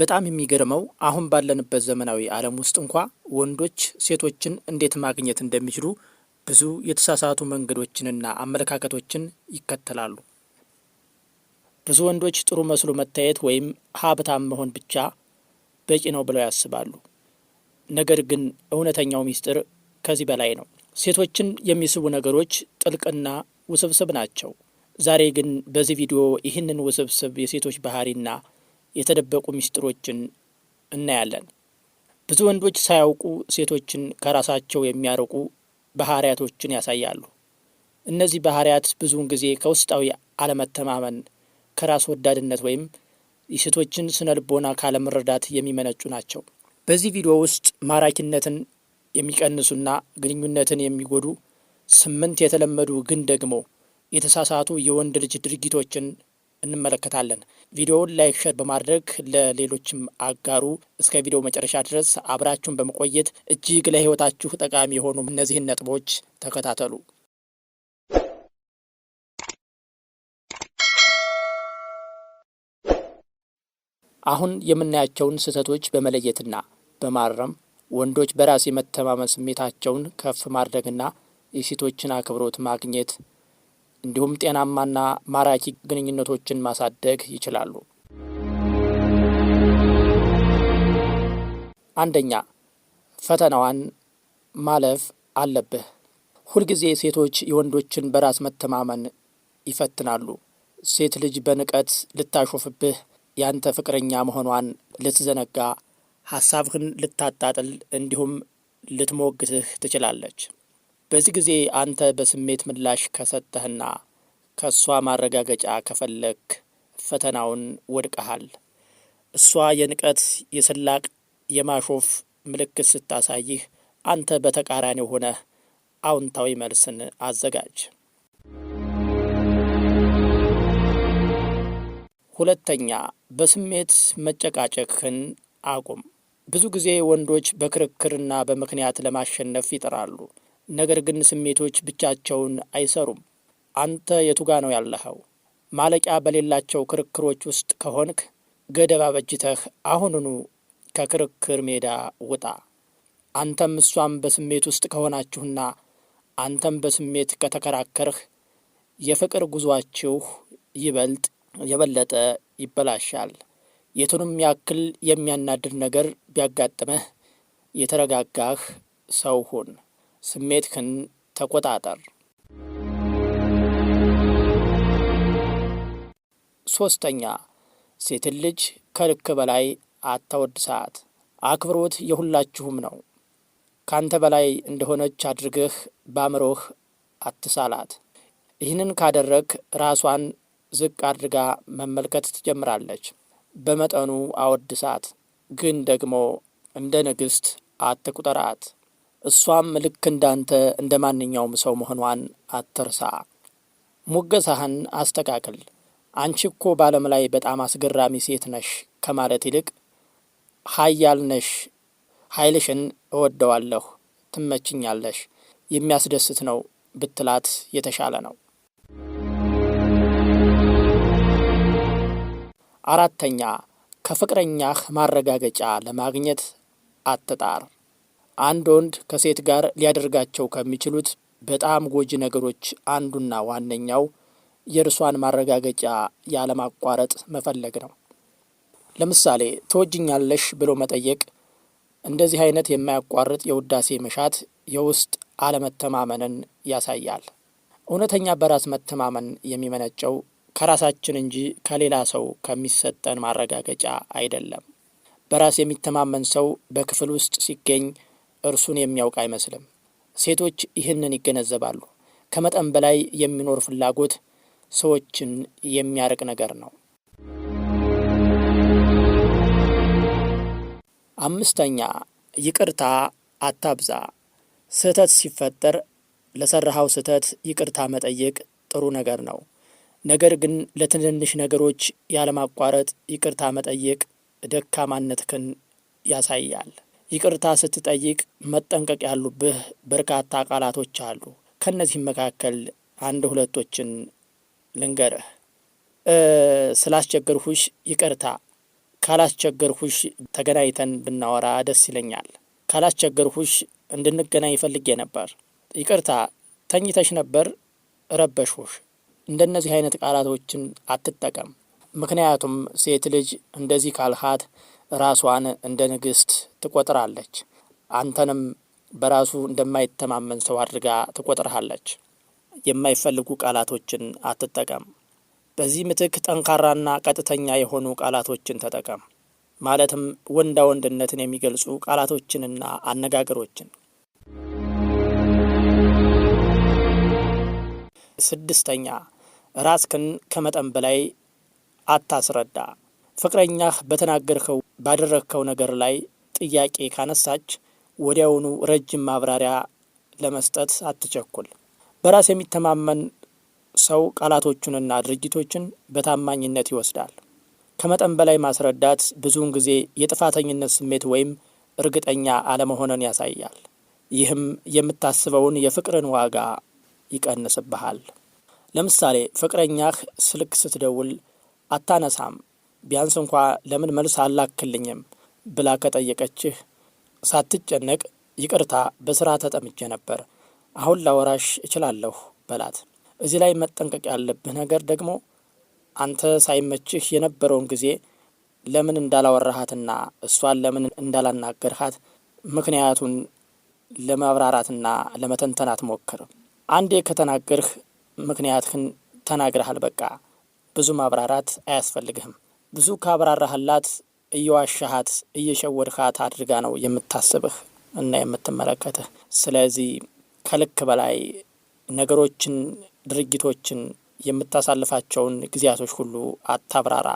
በጣም የሚገርመው አሁን ባለንበት ዘመናዊ ዓለም ውስጥ እንኳ ወንዶች ሴቶችን እንዴት ማግኘት እንደሚችሉ ብዙ የተሳሳቱ መንገዶችንና አመለካከቶችን ይከተላሉ። ብዙ ወንዶች ጥሩ መስሎ መታየት ወይም ሀብታም መሆን ብቻ በቂ ነው ብለው ያስባሉ። ነገር ግን እውነተኛው ምስጢር ከዚህ በላይ ነው። ሴቶችን የሚስቡ ነገሮች ጥልቅና ውስብስብ ናቸው። ዛሬ ግን በዚህ ቪዲዮ ይህንን ውስብስብ የሴቶች ባህሪና የተደበቁ ምስጢሮችን እናያለን። ብዙ ወንዶች ሳያውቁ ሴቶችን ከራሳቸው የሚያርቁ ባህሪያቶችን ያሳያሉ። እነዚህ ባህሪያት ብዙውን ጊዜ ከውስጣዊ አለመተማመን፣ ከራስ ወዳድነት ወይም የሴቶችን ስነ ልቦና ካለመረዳት የሚመነጩ ናቸው። በዚህ ቪዲዮ ውስጥ ማራኪነትን የሚቀንሱና ግንኙነትን የሚጎዱ ስምንት የተለመዱ ግን ደግሞ የተሳሳቱ የወንድ ልጅ ድርጊቶችን እንመለከታለን። ቪዲዮውን ላይክ፣ ሸር በማድረግ ለሌሎችም አጋሩ። እስከ ቪዲዮ መጨረሻ ድረስ አብራችሁን በመቆየት እጅግ ለህይወታችሁ ጠቃሚ የሆኑ እነዚህን ነጥቦች ተከታተሉ። አሁን የምናያቸውን ስህተቶች በመለየትና በማረም ወንዶች በራስ የመተማመን ስሜታቸውን ከፍ ማድረግና የሴቶችን አክብሮት ማግኘት እንዲሁም ጤናማና ማራኪ ግንኙነቶችን ማሳደግ ይችላሉ። አንደኛ ፈተናዋን ማለፍ አለብህ። ሁልጊዜ ሴቶች የወንዶችን በራስ መተማመን ይፈትናሉ። ሴት ልጅ በንቀት ልታሾፍብህ፣ ያንተ ፍቅረኛ መሆኗን ልትዘነጋ፣ ሀሳብህን ልታጣጥል እንዲሁም ልትሞግትህ ትችላለች። በዚህ ጊዜ አንተ በስሜት ምላሽ ከሰጠህና ከእሷ ማረጋገጫ ከፈለክ ፈተናውን ወድቀሃል። እሷ የንቀት፣ የስላቅ፣ የማሾፍ ምልክት ስታሳይህ አንተ በተቃራኒ ሆነህ አውንታዊ መልስን አዘጋጅ። ሁለተኛ፣ በስሜት መጨቃጨክን አቁም። ብዙ ጊዜ ወንዶች በክርክርና በምክንያት ለማሸነፍ ይጥራሉ። ነገር ግን ስሜቶች ብቻቸውን አይሰሩም። አንተ የቱጋ ነው ያለኸው? ማለቂያ በሌላቸው ክርክሮች ውስጥ ከሆንክ ገደብ አበጅተህ አሁኑኑ ከክርክር ሜዳ ውጣ። አንተም እሷም በስሜት ውስጥ ከሆናችሁና አንተም በስሜት ከተከራከርህ የፍቅር ጉዟችሁ ይበልጥ የበለጠ ይበላሻል። የቱንም ያክል የሚያናድድ ነገር ቢያጋጥመህ የተረጋጋህ ሰው ሁን። ስሜትህን ተቆጣጠር። ሶስተኛ ሴትን ልጅ ከልክ በላይ አታወድሳት። አክብሮት የሁላችሁም ነው። ካንተ በላይ እንደሆነች አድርገህ ባምሮህ አትሳላት። ይህንን ካደረግ ራሷን ዝቅ አድርጋ መመልከት ትጀምራለች። በመጠኑ አወድሳት፣ ግን ደግሞ እንደ ንግሥት አትቁጠራት። እሷም ልክ እንዳንተ እንደ ማንኛውም ሰው መሆኗን አትርሳ። ሙገሳህን አስተካክል። አንቺ እኮ በዓለም ላይ በጣም አስገራሚ ሴት ነሽ ከማለት ይልቅ ሀያል ነሽ፣ ኃይልሽን እወደዋለሁ፣ ትመችኛለሽ፣ የሚያስደስት ነው ብትላት የተሻለ ነው። አራተኛ ከፍቅረኛህ ማረጋገጫ ለማግኘት አትጣር። አንድ ወንድ ከሴት ጋር ሊያደርጋቸው ከሚችሉት በጣም ጎጂ ነገሮች አንዱና ዋነኛው የእርሷን ማረጋገጫ ያለማቋረጥ መፈለግ ነው። ለምሳሌ ትወጅኛለሽ ብሎ መጠየቅ፣ እንደዚህ አይነት የማያቋርጥ የውዳሴ መሻት የውስጥ አለመተማመንን ያሳያል። እውነተኛ በራስ መተማመን የሚመነጨው ከራሳችን እንጂ ከሌላ ሰው ከሚሰጠን ማረጋገጫ አይደለም። በራስ የሚተማመን ሰው በክፍል ውስጥ ሲገኝ እርሱን የሚያውቅ አይመስልም። ሴቶች ይህንን ይገነዘባሉ። ከመጠን በላይ የሚኖር ፍላጎት ሰዎችን የሚያርቅ ነገር ነው። አምስተኛ ይቅርታ አታብዛ። ስህተት ሲፈጠር ለሰራኸው ስህተት ይቅርታ መጠየቅ ጥሩ ነገር ነው። ነገር ግን ለትንንሽ ነገሮች ያለማቋረጥ ይቅርታ መጠየቅ ደካማነትህን ያሳያል። ይቅርታ ስትጠይቅ መጠንቀቅ ያሉብህ በርካታ ቃላቶች አሉ። ከእነዚህም መካከል አንድ ሁለቶችን ልንገርህ። ስላስቸገርሁሽ ይቅርታ፣ ካላስቸገርሁሽ ተገናኝተን ብናወራ ደስ ይለኛል። ካላስቸገርሁሽ እንድንገናኝ ፈልጌ ነበር። ይቅርታ፣ ተኝተሽ ነበር፣ ረበሽሁሽ። እንደነዚህ አይነት ቃላቶችን አትጠቀም። ምክንያቱም ሴት ልጅ እንደዚህ ካልሃት ራሷን እንደ ንግሥት ትቆጥራለች። አንተንም በራሱ እንደማይተማመን ሰው አድርጋ ትቆጥርሃለች። የማይፈልጉ ቃላቶችን አትጠቀም። በዚህ ምትክ ጠንካራና ቀጥተኛ የሆኑ ቃላቶችን ተጠቀም። ማለትም ወንዳ ወንድነትን የሚገልጹ ቃላቶችንና አነጋገሮችን። ስድስተኛ ራስክን ከመጠን በላይ አታስረዳ። ፍቅረኛህ በተናገርከው ባደረግከው ነገር ላይ ጥያቄ ካነሳች ወዲያውኑ ረጅም ማብራሪያ ለመስጠት አትቸኩል። በራስ የሚተማመን ሰው ቃላቶቹንና ድርጊቶችን በታማኝነት ይወስዳል። ከመጠን በላይ ማስረዳት ብዙውን ጊዜ የጥፋተኝነት ስሜት ወይም እርግጠኛ አለመሆንን ያሳያል። ይህም የምታስበውን የፍቅርን ዋጋ ይቀንስብሃል። ለምሳሌ ፍቅረኛህ ስልክ ስትደውል አታነሳም ቢያንስ እንኳ ለምን መልስ አላክልኝም ብላ ከጠየቀችህ ሳትጨነቅ ይቅርታ በስራ ተጠምጄ ነበር፣ አሁን ላወራሽ እችላለሁ በላት። እዚህ ላይ መጠንቀቅ ያለብህ ነገር ደግሞ አንተ ሳይመችህ የነበረውን ጊዜ ለምን እንዳላወራሃትና እሷን ለምን እንዳላናገርሃት ምክንያቱን ለማብራራትና ለመተንተናት ሞክር አንዴ ከተናገርህ ምክንያትህን ተናግረሃል፣ በቃ ብዙ ማብራራት አያስፈልግህም። ብዙ ካብራራህላት እየዋሻሃት እየሸወድካት አድርጋ ነው የምታስብህ እና የምትመለከትህ። ስለዚህ ከልክ በላይ ነገሮችን፣ ድርጊቶችን፣ የምታሳልፋቸውን ጊዜያቶች ሁሉ አታብራራ።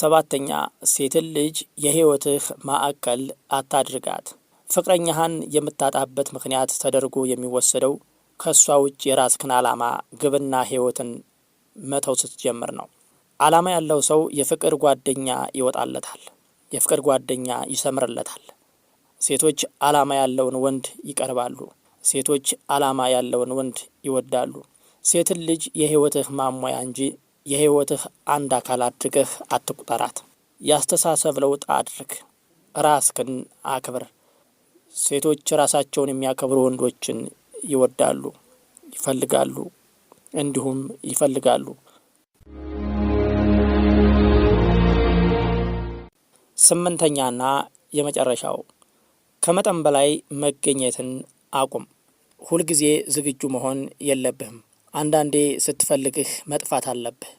ሰባተኛ ሴትን ልጅ የህይወትህ ማዕከል አታድርጋት። ፍቅረኛህን የምታጣበት ምክንያት ተደርጎ የሚወሰደው ከእሷ ውጭ የራስክን ዓላማ ግብና ህይወትን መተው ስትጀምር ነው። ዓላማ ያለው ሰው የፍቅር ጓደኛ ይወጣለታል፣ የፍቅር ጓደኛ ይሰምርለታል። ሴቶች ዓላማ ያለውን ወንድ ይቀርባሉ፣ ሴቶች ዓላማ ያለውን ወንድ ይወዳሉ። ሴትን ልጅ የህይወትህ ማሟያ እንጂ የህይወትህ አንድ አካል አድርገህ አትቁጠራት። ያስተሳሰብ ለውጥ አድርግ፣ ራስክን አክብር። ሴቶች ራሳቸውን የሚያከብሩ ወንዶችን ይወዳሉ፣ ይፈልጋሉ፣ እንዲሁም ይፈልጋሉ። ስምንተኛና የመጨረሻው ከመጠን በላይ መገኘትን አቁም። ሁልጊዜ ዝግጁ መሆን የለብህም። አንዳንዴ ስትፈልግህ መጥፋት አለብህ።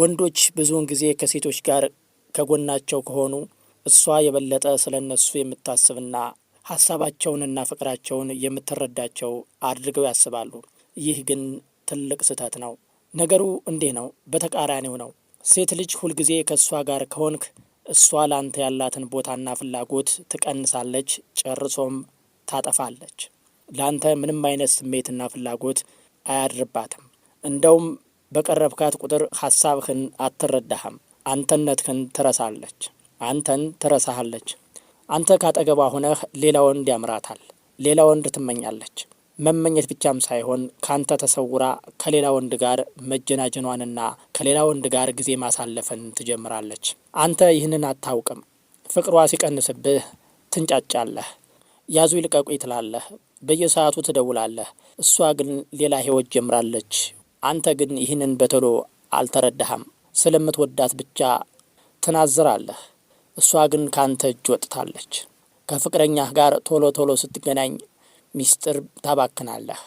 ወንዶች ብዙውን ጊዜ ከሴቶች ጋር ከጎናቸው ከሆኑ እሷ የበለጠ ስለ እነሱ የምታስብና ሀሳባቸውንና ፍቅራቸውን የምትረዳቸው አድርገው ያስባሉ። ይህ ግን ትልቅ ስህተት ነው። ነገሩ እንዲህ ነው፣ በተቃራኒው ነው። ሴት ልጅ ሁልጊዜ ከእሷ ጋር ከሆንክ እሷ ላንተ ያላትን ቦታና ፍላጎት ትቀንሳለች፣ ጨርሶም ታጠፋለች። ላንተ ምንም አይነት ስሜትና ፍላጎት አያድርባትም። እንደውም በቀረብካት ቁጥር ሀሳብህን አትረዳህም፣ አንተነትህን ትረሳለች፣ አንተን ትረሳሃለች። አንተ ካጠገቧ ሆነህ ሌላ ወንድ ያምራታል፣ ሌላ ወንድ ትመኛለች። መመኘት ብቻም ሳይሆን ካንተ ተሰውራ ከሌላ ወንድ ጋር መጀናጀኗንና ከሌላ ወንድ ጋር ጊዜ ማሳለፍን ትጀምራለች። አንተ ይህንን አታውቅም። ፍቅሯ ሲቀንስብህ ትንጫጫለህ፣ ያዙ ይልቀቁ ትላለህ፣ በየሰዓቱ ትደውላለህ። እሷ ግን ሌላ ሕይወት ጀምራለች። አንተ ግን ይህንን በቶሎ አልተረዳህም። ስለምትወዳት ብቻ ትናዝራለህ። እሷ ግን ካንተ እጅ ወጥታለች። ከፍቅረኛህ ጋር ቶሎ ቶሎ ስትገናኝ ሚስጥር ታባክናለህ።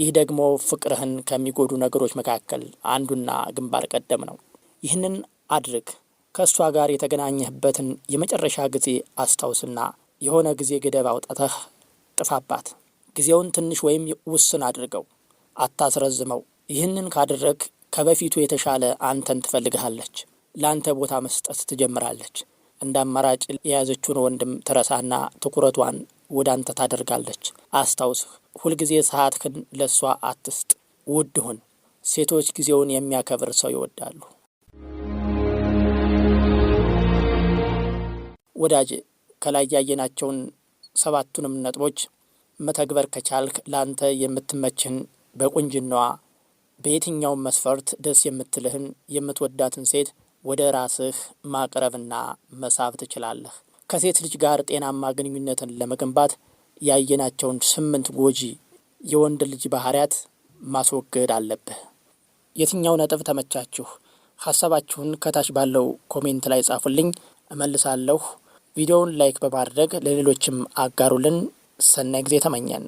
ይህ ደግሞ ፍቅርህን ከሚጎዱ ነገሮች መካከል አንዱና ግንባር ቀደም ነው። ይህንን አድርግ። ከእሷ ጋር የተገናኘህበትን የመጨረሻ ጊዜ አስታውስና የሆነ ጊዜ ገደብ አውጥተህ ጥፋባት። ጊዜውን ትንሽ ወይም ውስን አድርገው፣ አታስረዝመው። ይህንን ካደረግ ከበፊቱ የተሻለ አንተን ትፈልግሃለች። ለአንተ ቦታ መስጠት ትጀምራለች። እንደ አማራጭ የያዘችውን ወንድም ትረሳና ትኩረቷን ወደ አንተ ታደርጋለች። አስታውስህ፣ ሁልጊዜ ሰዓትህን ለእሷ አትስጥ። ውድ ሁን። ሴቶች ጊዜውን የሚያከብር ሰው ይወዳሉ። ወዳጅ፣ ከላይ ያየናቸውን ሰባቱንም ነጥቦች መተግበር ከቻልክ ለአንተ የምትመችህን በቁንጅናዋ በየትኛውም መስፈርት ደስ የምትልህን የምትወዳትን ሴት ወደ ራስህ ማቅረብና መሳብ ትችላለህ። ከሴት ልጅ ጋር ጤናማ ግንኙነትን ለመገንባት ያየናቸውን ስምንት ጎጂ የወንድ ልጅ ባህሪያት ማስወገድ አለብህ። የትኛው ነጥብ ተመቻችሁ? ሀሳባችሁን ከታች ባለው ኮሜንት ላይ ጻፉልኝ፣ እመልሳለሁ። ቪዲዮውን ላይክ በማድረግ ለሌሎችም አጋሩልን። ሰናይ ጊዜ ተመኘን።